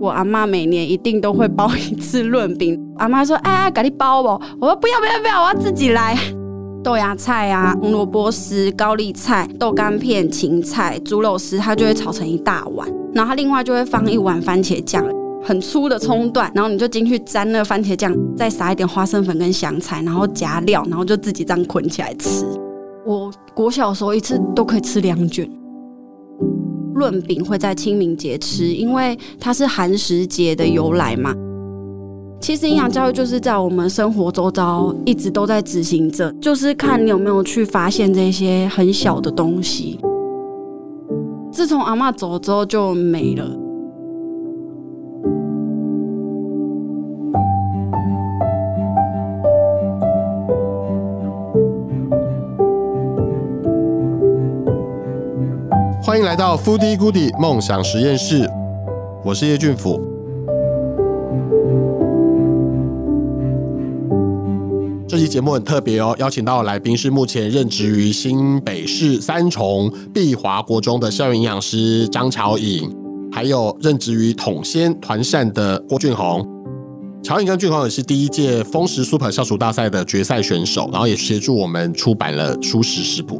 我阿媽每年一定都會包一次潤餅。阿媽說：“哎，趕緊包吧！”我說：“不要，不要，不要，我要自己來。”豆芽菜啊，紅蘿蔔絲、高麗菜、豆干片、芹菜、豬肉絲，它就會炒成一大碗。然後它另外就會放一碗番茄醬，很粗的蔥段。然後你就進去沾那個番茄醬，再撒一點花生粉跟香菜，然後夾料，然後就自己這樣捆起來吃。我國小的時候一次都可以吃兩卷。潤餅會在清明節吃，因為它是寒食節的由來嘛。其實營養教育就是在我們生活周遭一直都在執行着，就是看你有沒有去發現這些很小的東西。自從阿嬤走之後就沒了。歡迎來到 Foodie Goodie 夢想實驗室，我是葉俊甫。這期節目很特別哦，邀請到的來賓是目前任職於新北市三重碧華國中的校園營養師張巧穎，還有任職於統先團膳的郭峻宏。巧穎跟峻宏也是第一屆灃食 Super 校廚大賽的決賽選手，然後也協助我們出版了初十十《蔬食食譜》。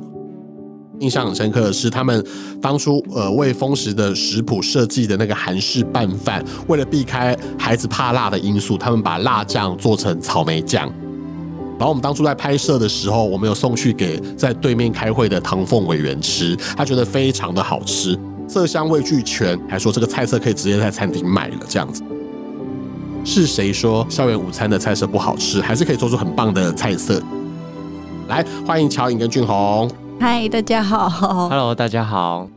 印象很深刻的是，他們當初呃為灃食的食譜設計的那個韓式拌飯，為了避開孩子怕辣的因素，他們把辣醬做成草莓醬。然後我們當初在拍攝的時候，我們有送去給在對面開會的唐鳳委員吃，他覺得非常的好吃，色香味俱全，還說這個菜色可以直接在餐廳買了這樣子。是誰說校園午餐的菜色不好吃？還是可以做出很棒的菜色。來，歡迎巧穎跟峻宏。嗨，Hi, 大家好。Hello，大家好。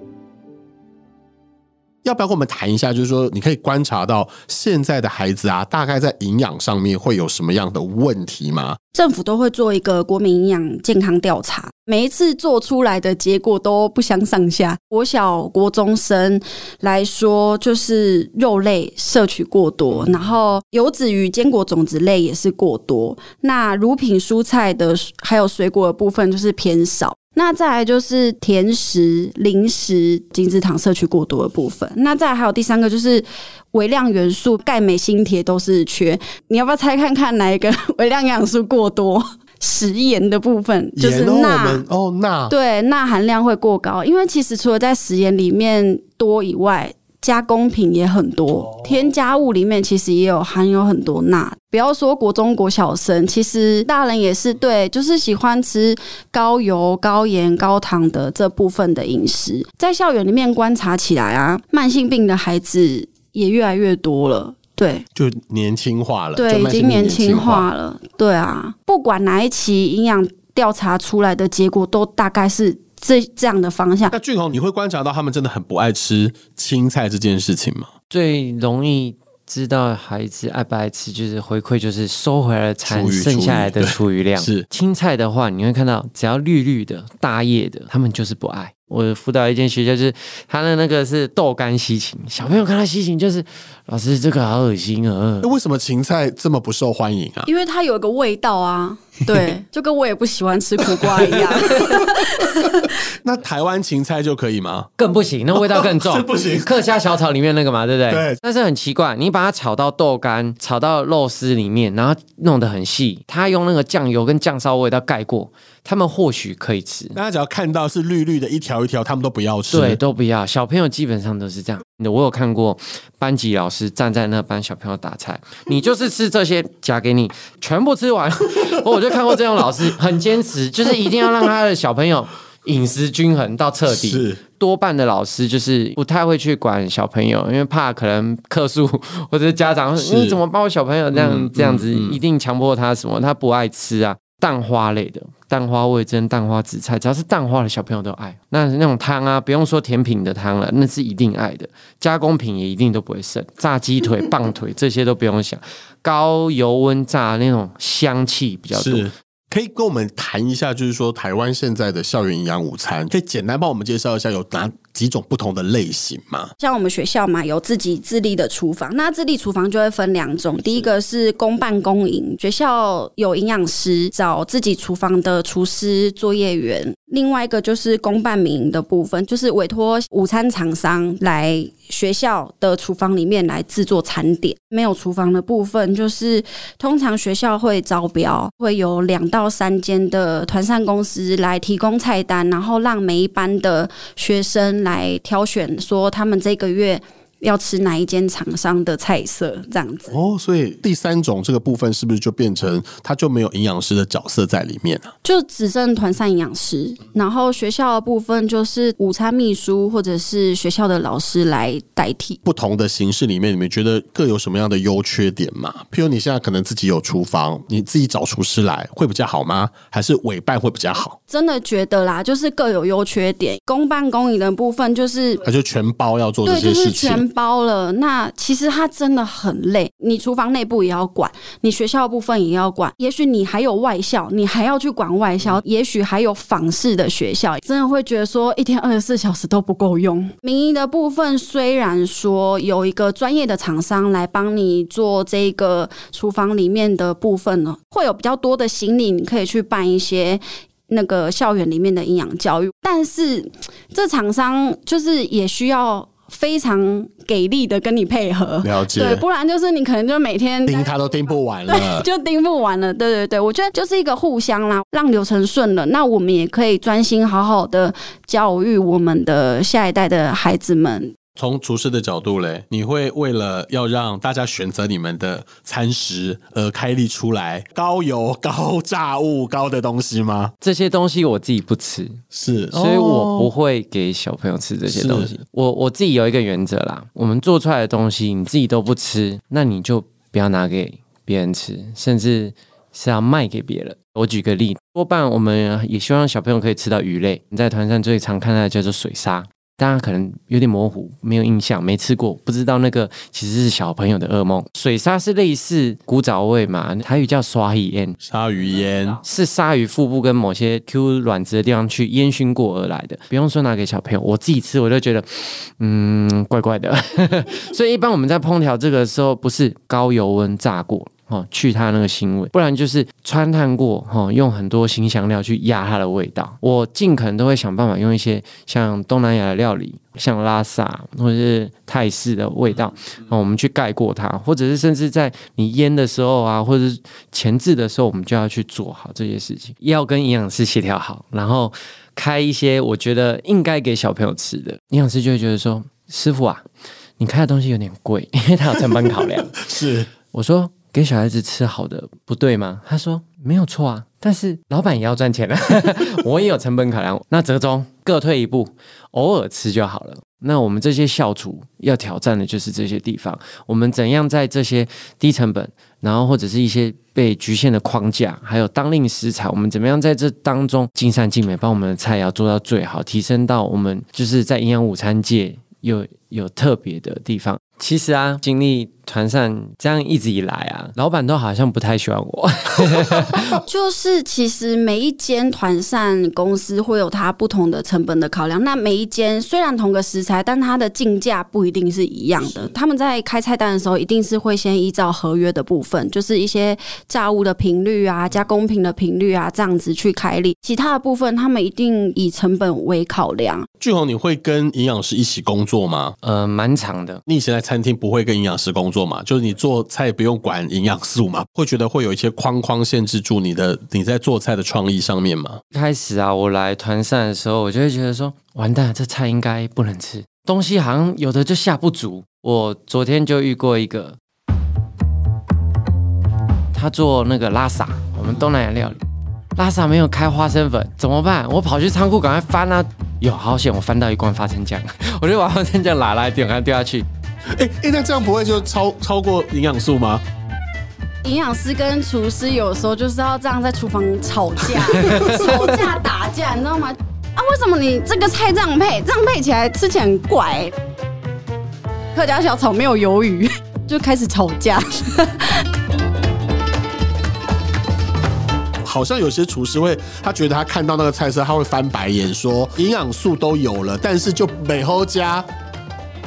要不要跟我們談一下？就是說，你可以觀察到現在的孩子啊，大概在營養上面會有什麼樣的問題嗎？政府都會做一個國民營養健康調查，每一次做出來的結果都不相上下。國小、國中生來說，就是肉類攝取過多，然後油脂與堅果、種子類也是過多。那乳品、蔬菜的還有水果的部分，就是偏少。那再來就是甜食、零食、精制糖攝取過多的部分。那再來還有第三個就是微量元素，鈣、鎂、鋅、鐵都是缺。你要不要猜看看哪一個微量元素過多？食鹽的部分就是鈉哦，鈉對，鈉含量會過高，因為其實除了在食鹽裡面多以外。加工品也很多，添加物裡面其實也有含有很多鈉。不要說國中國小生，其實大人也是對，就是喜歡吃高油、高鹽、高糖的這部分的飲食。在校園裡面觀察起來啊，慢性病的孩子也越來越多了，對，就年輕化了，對，已經年輕化了，對啊，不管哪一期營養調查出來的結果都大概是，這這樣的方向，那峻宏，你會觀察到他們真的很不愛吃青菜這件事情嗎？最容易知道孩子愛不愛吃，就是回饋，就是收回來產剩下來的廚餘量。是。青菜的話，你會看到，只要綠綠的，大葉的，他們就是不愛。我輔導一間學校，就是他的那個是豆乾西芹，小朋友看到西芹就是老師，這個好噁心啊！那為什麼芹菜這麼不受歡迎啊？因為它有一個味道啊， 對，就跟我也不喜歡吃苦瓜一樣。 那台灣芹菜就可以嗎？更不行，那味道更重，哦、是不行。 客家小炒裡面那個嘛，對不對？對。但是很奇怪，你把它炒到豆乾、炒到肉絲裡面，然後弄得很細，他用那個醬油跟醬燒味道蓋過，他們或許可以吃。大家只要看到是綠綠的一條。有一條他們都不要吃，對，都不要。小朋友基本上都是這樣。我有看過班級老師站在那幫小朋友打菜，你就是吃這些夾給你，全部吃完。我就看過這種老師很堅持，就是一定要讓他的小朋友飲食均衡到徹底。是多半的老師就是不太會去管小朋友，因為怕可能客訴，或者家長說是你怎麼把我小朋友這樣、這樣子，嗯嗯嗯、一定強迫他什麼，他不愛吃啊。蛋花類的蛋花味噌、蛋花紫菜，只要是蛋花的小朋友都愛。那那種湯啊，不用說甜品的湯了，那是一定愛的。加工品也一定都不會剩。炸雞腿、棒腿這些都不用想，高油溫炸那種香氣比較多。可以跟我們談一下，就是說台灣現在的校園營養午餐，可以簡單幫我們介紹一下有哪幾種不同的類型嘛？像我們學校嘛，有自己自立的廚房。那自立廚房就會分兩種：第一個是公辦公營，學校有營養師找自己廚房的廚師、作業員；另外一個就是公辦民營的部分，就是委託午餐廠商來學校的廚房裡面來製作餐點。沒有廚房的部分，就是通常學校會招標，會有兩到三間的團膳公司來提供菜單，然後讓每一班的學生來挑選，說他們這個月要吃哪一間廠商的菜色這樣子哦，所以第三種這個部分是不是就變成它就沒有營養師的角色在裡面了？啊？就只剩團膳營養師，嗯、然後學校的部分就是午餐祕書或者是學校的老師來代替。不同的形式裡面，你們覺得各有什麼樣的優缺點嗎？譬如你現在可能自己有廚房，你自己找廚師來會比較好嗎？還是委辦會比較好？真的覺得啦，就是各有優缺點。公辦公營的部分就是他就全包，要做這些事情。包了，那其實他真的很累。你廚房內部也要管，你學校部分也要管。也許你還有外校，你還要去管外校。嗯、也許還有訪視的學校，真的會覺得說，一天二十四小時都不夠用。民營的部分雖然說有一個專業的廠商來幫你做這個廚房裡面的部分呢，會有比較多的心力，你可以去辦一些那個校園裡面的營養教育。但是這廠商就是也需要非常給力的跟你配合。了解，對，不然就是你可能就每天盯他都盯不完了，就盯不完了。對對對，我覺得就是一個互相啦，讓流程順了，那我們也可以專心好好的教育我們的下一代的孩子們。從廚師的角度嘞，你會為了要讓大家選擇你們的餐食而開立出來高油、高炸物、高的東西嗎？這些東西我自己不吃。是，所以我不會給小朋友吃這些東西。哦、我我自己有一個原則啦，我們做出來的東西你自己都不吃，那你就不要拿給別人吃，甚至是要賣給別人。我舉個例子，多半我們也希望小朋友可以吃到魚類。你在團膳最常看到的叫做水鯊。大家可能有點模糊，沒有印象，沒吃過，不知道那個其實是小朋友的噩夢。水鯊是類似古早味嘛，台語叫“鯊魚煙”，鯊魚煙是鯊魚腹部跟某些 Q 軟質的地方去煙燻過而來的。不用說拿給小朋友，我自己吃我就覺得嗯怪怪的。 所以一般我們在烹調這個時候，不是高油溫炸過，哦，去它那個腥味，不然就是川燙過，哈，用很多辛香料去壓它的味道。我盡可能都會想辦法用一些像東南亞的料理，像叻沙或者是泰式的味道，哦，我們去蓋過它，或者是甚至在你醃的時候啊，或者是前置的時候，我們就要去做好這些事情，要跟營養師協調好，然後開一些我覺得應該給小朋友吃的，營養師就會覺得說，師傅啊，你開的東西有點貴，因為它有成本考量。 是，我說。給小孩子吃好的不對嗎？他說，沒有錯啊，但是老闆也要賺錢啊， 我也有成本考量。那折中，各退一步，偶爾吃就好了。那我們這些校廚要挑戰的就是這些地方，我們怎樣在這些低成本，然後或者是一些被局限的框架，還有當令食材，我們怎麼樣在這當中盡善盡美，把我們的菜餚做到最好，提升到我們就是在營養午餐界又。有有特別的地方。其實啊，經歷團膳這樣一直以來啊，老闆都好像不太喜歡我。 就是其實每一間團膳公司會有它不同的成本的考量。那每一間雖然同個食材，但它的進價不一定是一樣的。是他們在開菜單的時候，一定是會先依照合約的部分，就是一些炸物的頻率啊、加工品的頻率啊這樣子去開的。其他的部分，他們一定以成本為考量。峻宏，你會跟營養師一起工作嗎？呃，蠻長的。你以前在餐廳不會跟營養師工作嘛？就是你做菜不用管營養素嘛？會覺得會有一些框框限制住你的，你在做菜的創意上面嗎？一開始啊，我來團膳的時候，我就會覺得說，完蛋了，這菜應該不能吃，東西好像有的就下不足。我昨天就遇過一個，他做那個叻沙，我們東南亞料理，叻沙沒有開花生粉，怎麼辦？我跑去倉庫趕快翻啊。有好險！我翻到一罐花生醬，我就把花生醬拉拉一點，然後掉下去。哎哎、欸欸，那這樣不會就超超過營養素嗎？營養師跟廚師有時候就是要這樣在廚房吵架、 吵架打架，你知道嗎？啊，為什麼你這個菜這樣配？這樣配起來吃起來很怪、欸。客家小炒沒有魷魚，就開始吵架。 好像有些廚師會，他覺得他看到那個菜色，他會翻白眼說，說營養素都有了，但是就每後加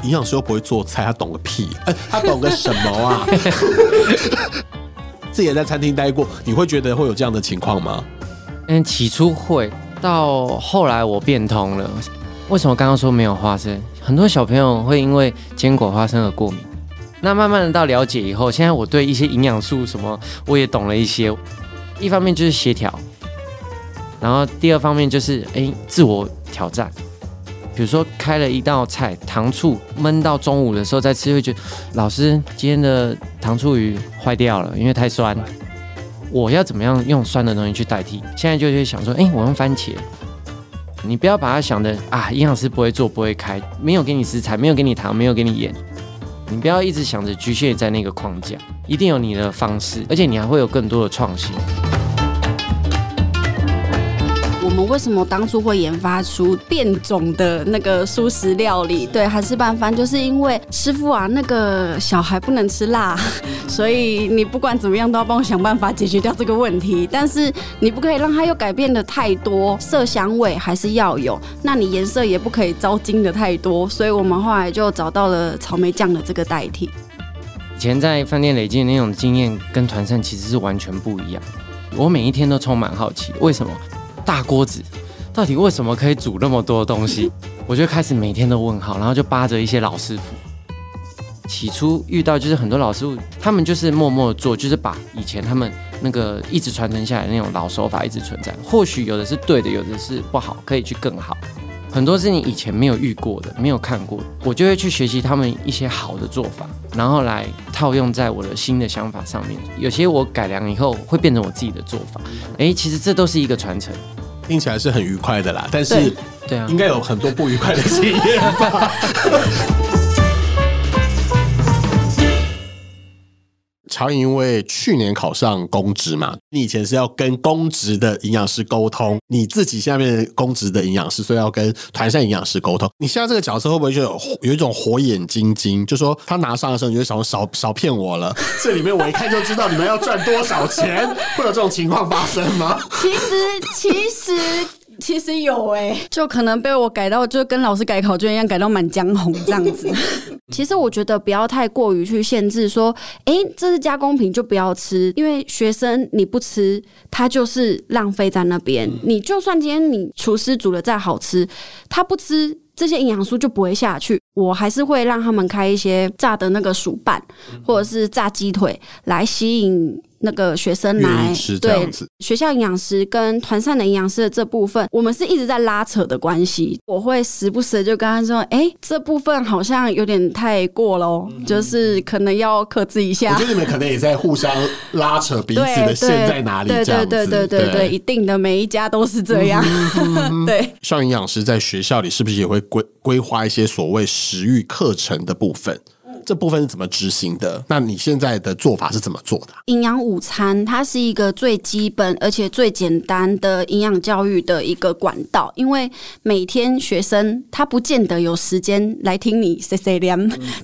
營養師又不會做菜，他懂個屁！欸，他懂個什麼啊？ 自己也在餐廳待過，你會覺得會有這樣的情況嗎？嗯，起初會，到後來我變通了。為什麼剛剛說沒有花生？很多小朋友會因為堅果、花生而過敏。那慢慢的到了解以後，現在我對一些營養素什麼，我也懂了一些。一方面就是協調，然後第二方面就是誒、欸、自我挑戰。比如說開了一道菜糖醋燜到中午的時候再吃，會覺得老師今天的糖醋魚壞掉了，因為太酸。我要怎麼樣用酸的東西去代替？現在就會想說，誒、欸，我用番茄。你不要把它想的啊，營養師不會做不會開，沒有給你食材，沒有給你糖，沒有給你鹽。你不要一直想着局限在那個框架，一定有你的方式，而且你還會有更多的創新。我們為什麼當初會研發出變種的那個素食料理？對，韓式拌飯，就是因為師傅啊，那個小孩不能吃辣，所以你不管怎麼樣都要幫我想辦法解決掉這個問題。但是你不可以讓他又改變的太多，色香味還是要有，那你顏色也不可以糟精的太多。所以我們後來就找到了草莓醬的這個代替。以前在飯店累積的那種經驗跟團膳其實是完全不一樣的。我每一天都充滿好奇，為什麼？大鍋子到底為什麼可以煮那麼多東西？我就開始每天都問號，然後就扒着一些老師傅。起初遇到就是很多老師傅，他們就是默默做，就是把以前他們那個一直傳承下來的那種老手法一直存在。或許有的是對的，有的是不好，可以去更好。很多是你以前沒有遇過的，沒有看過的，我就會去學習他們一些好的做法，然後來套用在我的新的想法上面。有些我改良以後會變成我自己的做法。誒、欸，其實這都是一個傳承。聽起來是很愉快的啦，但是，對啊，應該有很多不愉快的經驗吧。 巧穎因為去年考上公職嘛？你以前是要跟公職的營養師溝通，你自己下面公職的營養師，所以要跟團膳營養師溝通。你現在這個角色會不會就有，有一種火眼金睛？就說他拿上的時候你，你就想少少騙我了。 這裡面我一看就知道你們要賺多少錢，會有 這種情況發生嗎？其實，其實。 其實有哎、欸，就可能被我改到，就跟老師改考卷一樣，改到《滿江紅》這樣子。 其實我覺得不要太過於去限制，說，哎、欸，這是加工品就不要吃，因為學生你不吃，他就是浪費在那邊。嗯、你就算今天你廚師煮的再好吃，他不吃，這些營養素就不會下去。我還是會讓他們開一些炸的那個薯拌或者是炸雞腿來吸引，那個學生來，樣對學校營養師跟團膳的營養師的這部分，我們是一直在拉扯的關係。我會時不時就跟他說：“哎、欸，這部分好像有點太過囉，嗯、哼就是可能要克制一下。”我覺得你們可能也在互相拉扯彼此的線在哪裡樣子 對對。對對對對對對，一定的，每一家都是這樣。嗯哼嗯哼 對，校營養師在學校裡是不是也會規規劃一些所謂食育課程的部分？這部分是怎麼執行的？那你現在的做法是怎麼做的啊？營養午餐它是一個最基本而且最簡單的營養教育的一個管道，因為每天學生他不見得有時間來聽你碎碎念，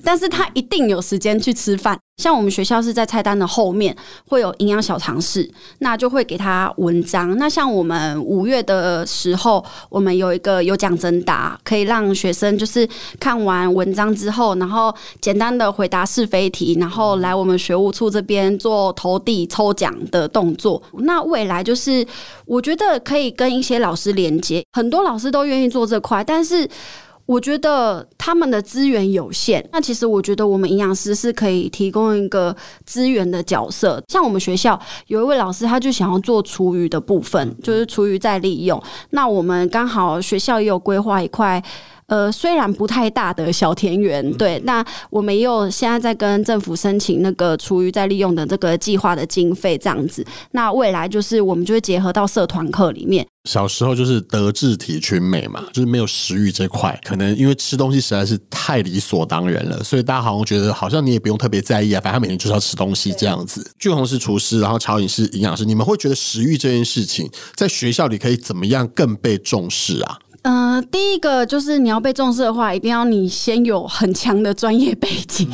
但是他一定有時間去吃飯。像我們學校是在菜單的後面會有營養小常識，那就會給他文章。那像我們五月的時候，我們有一個有獎徵答，可以讓學生就是看完文章之後，然後簡單的回答是非題，然後來我們學務處這邊做投遞抽獎的動作。那未來就是我覺得可以跟一些老師連接，很多老師都願意做這塊，但是。我覺得他們的資源有限，那其實我覺得我們營養師是可以提供一個資源的角色。像我們學校有一位老師，他就想要做廚餘的部分，就是廚餘再利用。那我們剛好學校也有規劃一塊。呃，雖然不太大的小田園，對，那我們也有現在在跟政府申請那個廚餘再利用的這個計劃的經費，這樣子。那未來就是我們就會結合到社團課裡面。小時候就是德智體群美嘛，就是沒有食育這塊，可能因為吃東西實在是太理所當然了，所以大家好像覺得好像你也不用特別在意啊，反正他每天就是要吃東西這樣子。峻宏對是廚師，然後巧穎是營養師，你們會覺得食育這件事情在學校裡可以怎麼樣更被重視啊？嗯、呃，第一個就是你要被重視的話，一定要你先有很強的專業背景。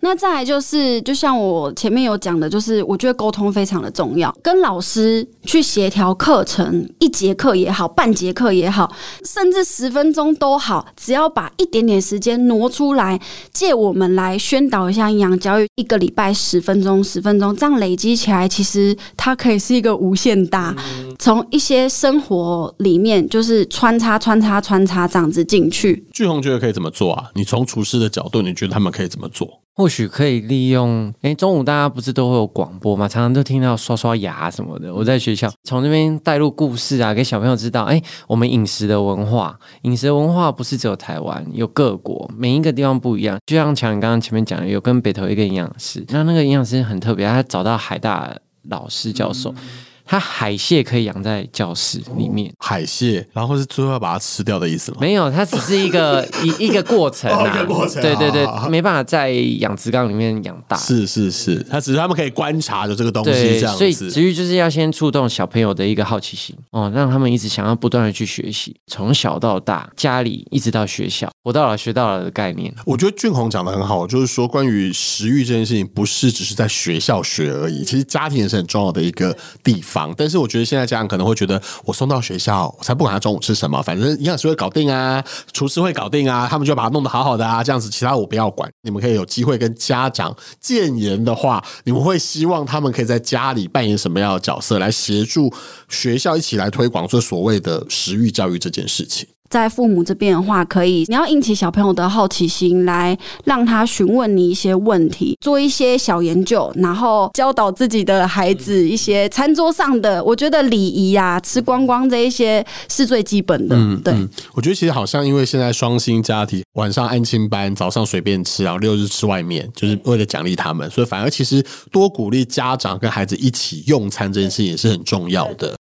那再來就是，就像我前面有講的，就是我覺得溝通非常的重要，跟老師去協調課程，一節課也好，半節課也好，甚至十分鐘都好，只要把一點點時間挪出來，借我們來宣導一下營養教育，一個禮拜十分鐘，十分鐘這樣累積起來，其實它可以是一個無限大。從一些生活裡面，就是穿插穿。穿插穿插這樣子進去，峻宏覺得可以怎麼做啊？你從廚師的角度，你覺得他們可以怎麼做？或許可以利用，哎、欸，中午大家不是都會有廣播嘛，常常都聽到刷刷牙什麼的。我在學校從這邊帶入故事啊，給小朋友知道，哎、欸，我們飲食的文化，飲食文化不是只有台灣，有各國，每一個地方不一樣。就像強你剛剛前面講的，有跟北投一個營養師，那那個營養師很特別，他找到海大老師教授。嗯。它海蟹可以養在教室裡面。哦，海蟹，然後是最後要把它吃掉的意思嗎？沒有，它只是一個一 一個過程啊，對對好對，對對對沒辦法在養殖缸裡面養大，是是是，它只是他們可以觀察着這個東西對這樣子，所以其實就是要先觸動小朋友的一個好奇心，哦，讓他們一直想要不斷的去學習，從小到大，家裡一直到學校。活到老學到老的概念，我覺得峻宏講得很好，就是說，關於食欲這件事情，不是只是在學校學而已，其實家庭也是很重要的一個地方。但是我覺得現在家長可能會覺得，我送到學校，我才不管他中午吃什麼，反正營養師會搞定啊，廚師會搞定啊，他們就把它弄得好好的啊，這樣子其他我不要管。你們可以有機會跟家長建言的話，你們會希望他們可以在家裡扮演什麼樣的角色，來協助學校一起來推廣這所謂的食欲教育這件事情。在父母這邊的話，可以你要引起小朋友的好奇心，來讓他詢問你一些問題，做一些小研究，然後教導自己的孩子一些餐桌上的，我覺得禮儀呀、吃光光這一些是最基本的。嗯、對、嗯，我覺得其實好像因為現在雙薪家庭，晚上安親班，早上隨便吃，然後六日吃外面，就是為了獎勵他們，嗯、所以反而其實多鼓勵家長跟孩子一起用餐這件事情也是很重要的。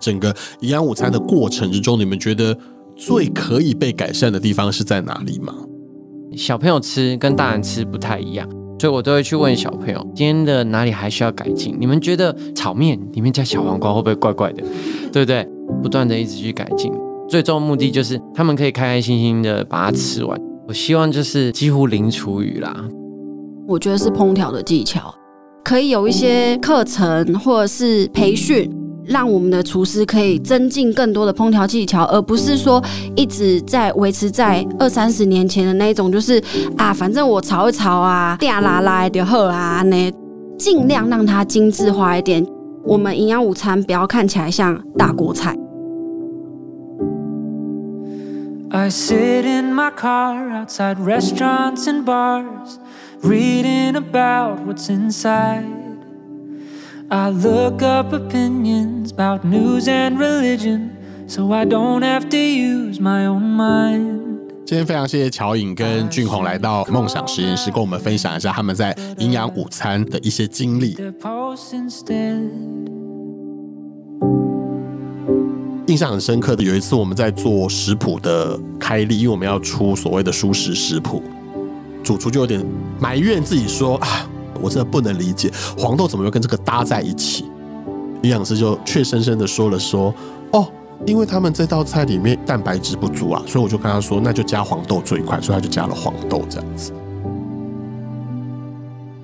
整個營養午餐的過程之中，你們覺得最可以被改善的地方是在哪裡嗎？小朋友吃跟大人吃不太一樣，所以我都會去問小朋友今天的哪裡還需要改進。你們覺得炒麵裡面加小黃瓜會不會怪怪的？對不對？不斷的一直去改進，最終目的就是他們可以開開心心的把它吃完。我希望就是幾乎零廚餘啦。我覺得是烹調的技巧，可以有一些課程或者是培訓。讓我們的廚師可以增進更多的烹調技巧，而不是說一直在維持在二三十年前的那一種，就是啊，反正我炒一炒啊，嗲啦啦的，就好啊，那盡量讓它精緻化一點。我們營養午餐不要看起來像大鍋菜。I look up opinions about news and religion, so I don't have to use my own mind. 今天非常謝謝巧穎跟峻宏來到夢想實驗室，跟我們分享一下他們在營養午餐的一些經歷。印象很深刻的有一次我們在做食譜的開立，因為我們要出所謂的蔬食食譜，主廚就有點埋怨自己說，啊。我真的不能理解黃豆怎麼會跟這個搭在一起？營養師就怯生生的說了說：“說哦，因為他們這道菜裡面蛋白質不足啊，所以我就跟他說，那就加黃豆最快，所以他就加了黃豆這樣子。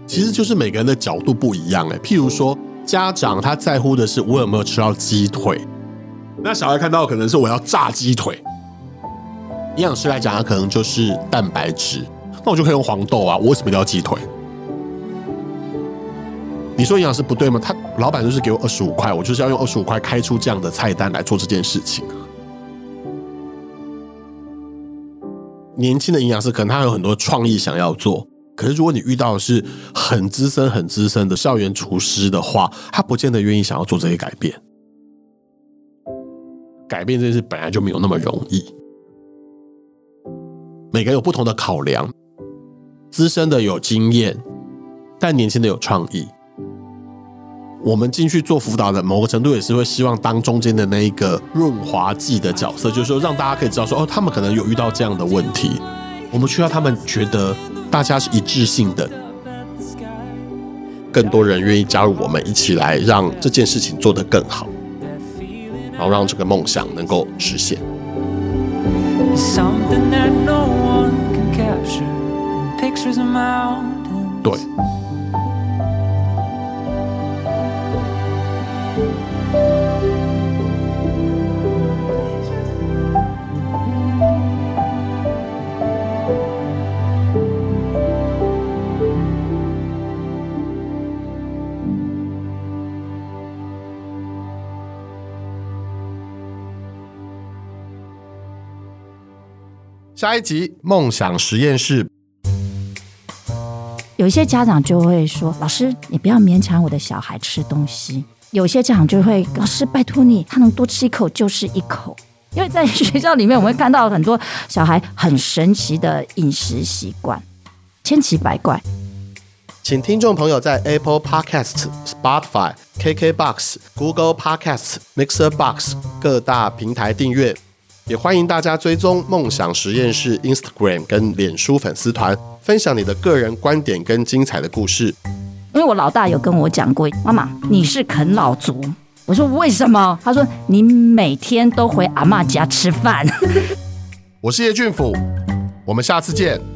其實就是每個人的角度不一樣欸，譬如說家長他在乎的是我有沒有吃到雞腿，那小孩看到可能是我要炸雞腿，營養師來講他可能就是蛋白質，那我就可以用黃豆啊，我為什麼要雞腿？”你說營養師不對嗎？他老闆就是給我二十五塊，我就是要用二十五塊開出這樣的菜單來做這件事情。年輕的營養師可能他有很多創意想要做，可是如果你遇到的是很資深、很資深的校園廚師的話，他不見得願意想要做這些改變。改變這件事本來就沒有那麼容易，每個人有不同的考量。資深的有經驗，但年輕的有創意。我們進去做輔導的某個程度也是會希望當中間的那一個潤滑劑的角色，就是說，讓大家可以知道說哦，他們可能有遇到這樣的問題，我們需要他們覺得大家是一致性的，更多人願意加入我們一起來讓這件事情做得更好，然後讓這個夢想能夠實現。對。下一集《夢想實驗室》。有一些家長就會說：“老師，你不要勉強我的小孩吃東西。”有些家長就會：“老師，拜托你，他能多吃一口就是一口。”因為在學校裡面，我們會看到很多小孩很神奇的飲食習慣，千奇百怪。請聽眾朋友在 Apple Podcast、Spotify、KKBox、Google Podcast、Mixer Box 各大平台訂閱。也歡迎大家追蹤夢想實驗室 Instagram 跟臉書粉絲團，分享你的個人觀點跟精彩的故事。因為我老大有跟我講過，媽媽你是啃老族，我說為什麼？他說你每天都回阿嬤家吃飯。 我是葉俊甫，我們下次見。